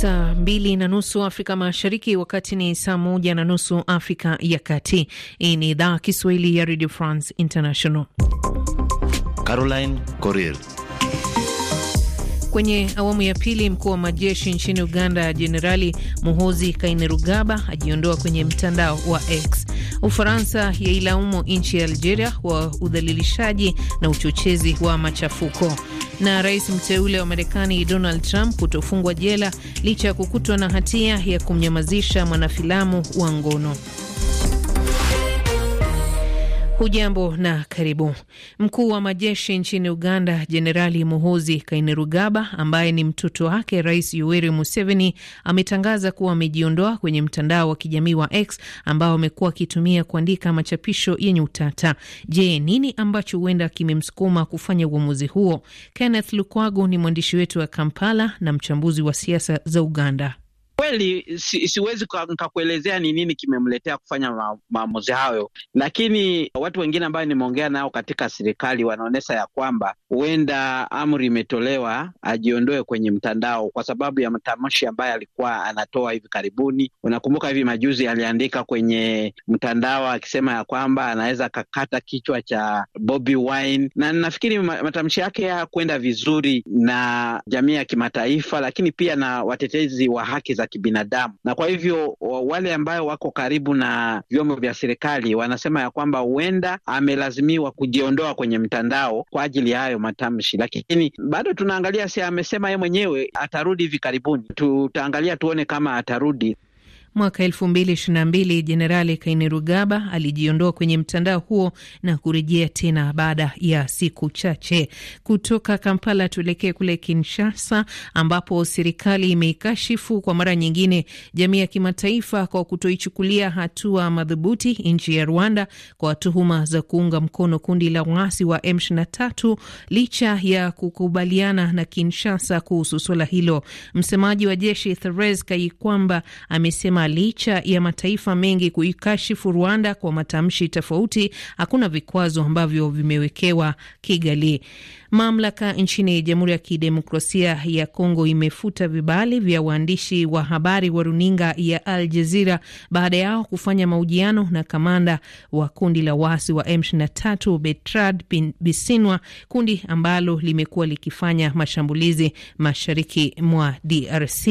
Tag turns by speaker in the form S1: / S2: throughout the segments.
S1: Saa mbili na nusu Afrika Mashariki, wakati ni saa moja na nusu Afrika ya Kati. Hii ni idhaa Kiswahili ya Radio France International. Caroline Corir Kwenye awamu ya pili, mkuu wa majeshi nchini Uganda Jenerali Muhozi Kainerugaba ajiondoa kwenye mtandao wa X. Ufaransa yailaumu nchi ya Algeria wa udhalilishaji na uchochezi wa machafuko na rais mteule wa Marekani Donald Trump kutofungwa jela licha ya kukutwa na hatia ya kumnyamazisha mwanafilamu wa ngono. Hujambo na karibu. Mkuu wa majeshi nchini Uganda, Jenerali muhozi Kainerugaba, ambaye ni mtoto wake Rais Yoweri Museveni, ametangaza kuwa amejiondoa kwenye mtandao wa kijamii wa X ambao amekuwa akitumia kuandika machapisho yenye utata. Je, nini ambacho huenda kimemsukuma kufanya uamuzi huo? Kenneth Lukwago ni mwandishi wetu wa Kampala na mchambuzi wa siasa za Uganda.
S2: Kweli si, siwezi nikakuelezea ni nini kimemletea kufanya ma, maamuzi hayo, lakini watu wengine ambayo nimeongea nao katika serikali wanaonyesha ya kwamba huenda amri imetolewa ajiondoe kwenye mtandao kwa sababu ya matamshi ambayo alikuwa anatoa hivi karibuni. Unakumbuka hivi majuzi aliandika kwenye mtandao akisema ya kwamba anaweza akakata kichwa cha Bobi Wine, na nafikiri matamshi yake kwenda vizuri na jamii ya kimataifa, lakini pia na watetezi wa haki za kibinadamu, na kwa hivyo wale ambayo wako karibu na vyombo vya serikali wanasema ya kwamba huenda amelazimiwa kujiondoa kwenye mtandao kwa ajili ya hayo matamshi, lakini bado tunaangalia, si amesema ye mwenyewe atarudi hivi karibuni. Tutaangalia tuone kama atarudi.
S1: Mwaka 2022 Jenerali Kainerugaba alijiondoa kwenye mtandao huo na kurejea tena baada ya siku chache. Kutoka Kampala tuelekee kule Kinshasa, ambapo serikali imeikashifu kwa mara nyingine jamii ya kimataifa kwa kutoichukulia hatua madhubuti nchi ya Rwanda kwa tuhuma za kuunga mkono kundi la waasi wa M23 licha ya kukubaliana na Kinshasa kuhusu suala hilo. Msemaji wa jeshi Therese Kayikwamba amesema licha ya mataifa mengi kuikashifu Rwanda kwa matamshi tofauti, hakuna vikwazo ambavyo vimewekewa Kigali. Mamlaka nchini Jamhuri ya Kidemokrasia ya Kongo imefuta vibali vya waandishi wa habari wa runinga ya Al Jazira baada yao kufanya mahojiano na kamanda wa kundi la waasi wa M23 Bertrand Bisimwa, kundi ambalo limekuwa likifanya mashambulizi mashariki mwa DRC.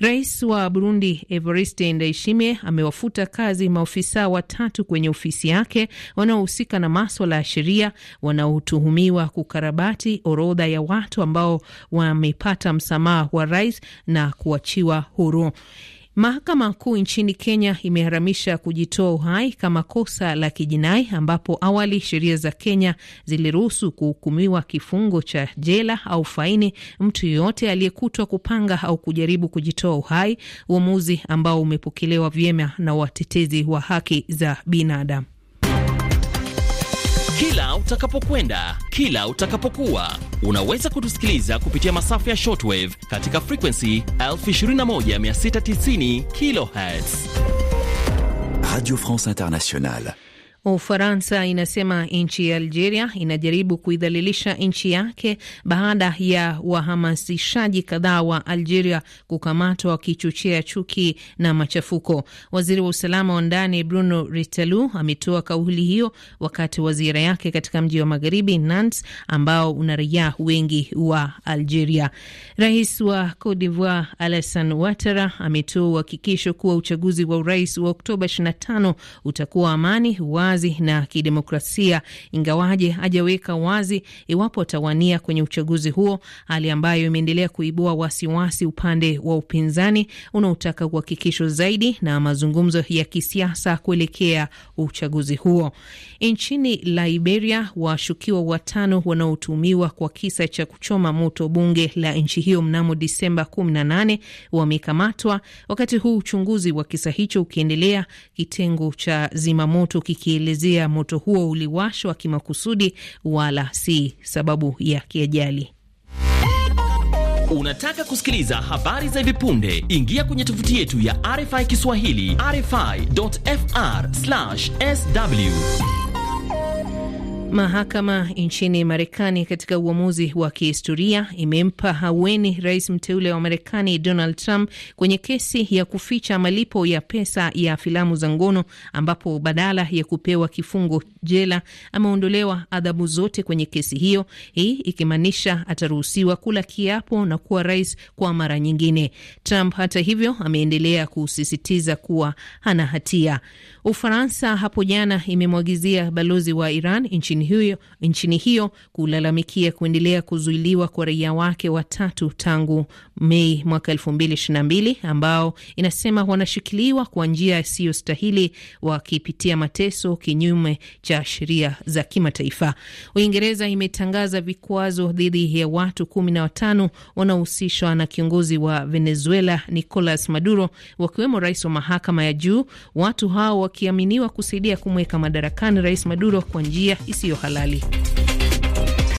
S1: Rais wa Burundi Evariste Felicite Ndaishime amewafuta kazi maofisa watatu kwenye ofisi yake wanaohusika na maswala ya sheria wanaotuhumiwa kukarabati orodha ya watu ambao wamepata msamaha wa rais na kuachiwa huru. Mahakama Kuu nchini Kenya imeharamisha kujitoa uhai kama kosa la kijinai, ambapo awali sheria za Kenya ziliruhusu kuhukumiwa kifungo cha jela au faini mtu yeyote aliyekutwa kupanga au kujaribu kujitoa uhai, uamuzi ambao umepokelewa vyema na watetezi wa haki za binadamu. Kila utakapokwenda, kila utakapokuwa, unaweza kutusikiliza kupitia masafa ya shortwave katika frequency 21690 kh Radio France Internationale. Ufaransa inasema nchi ya Algeria inajaribu kuidhalilisha nchi yake baada ya wahamasishaji kadhaa wa Algeria kukamatwa wakichochea chuki na machafuko. Waziri wa usalama wa ndani Bruno ritalu ametoa kauli hiyo wakati wa ziara yake katika mji wa magharibi Nantes, ambao una raia wengi wa Algeria. Rais wa Cote d'Ivoire Alassane Ouattara ametoa uhakikisho kuwa uchaguzi wa urais wa Oktoba 25 utakuwa amani wa wazi na kidemokrasia, ingawaje hajaweka wazi iwapo atawania kwenye uchaguzi huo, hali ambayo imeendelea kuibua wasiwasi wasi upande wa upinzani unaotaka uhakikisho zaidi na mazungumzo ya kisiasa kuelekea uchaguzi huo. Nchini Liberia, washukiwa watano wanaotumiwa kwa kisa cha kuchoma moto bunge la nchi hiyo mnamo Disemba 18 wamekamatwa, wakati huu uchunguzi wa kisa hicho ukiendelea, kitengo cha zimamoto kiki akielezea moto huo uliwashwa kimakusudi wala si sababu ya kiajali.
S2: Unataka kusikiliza habari za hivi punde? Ingia kwenye tovuti yetu ya RFI Kiswahili, rfi.fr/sw.
S1: Mahakama nchini Marekani katika uamuzi wa kihistoria imempa haweni rais mteule wa Marekani Donald Trump kwenye kesi ya kuficha malipo ya pesa ya filamu za ngono, ambapo badala ya kupewa kifungo jela ameondolewa adhabu zote kwenye kesi hiyo, hii ikimaanisha ataruhusiwa kula kiapo na kuwa rais kwa mara nyingine. Trump hata hivyo ameendelea kusisitiza kuwa hana hatia. Ufaransa hapo jana imemwagizia balozi wa Iran nchini nchini hiyo, nchini hiyo kulalamikia kuendelea kuzuiliwa kwa raia wake watatu tangu Mei mwaka mbili ambao inasema wanashikiliwa kwa njia isiyostahili wakipitia mateso kinyume cha sheria za kimataifa. Uingereza imetangaza vikwazo dhidi ya watu kumi na watano wanaohusishwa na kiongozi wa Venezuela Nicolas Maduro, wakiwemo rais wa mahakama ya juu, watu hao wakiaminiwa kusaidia kumweka madarakani rais Maduro kwa njia isiyo halali.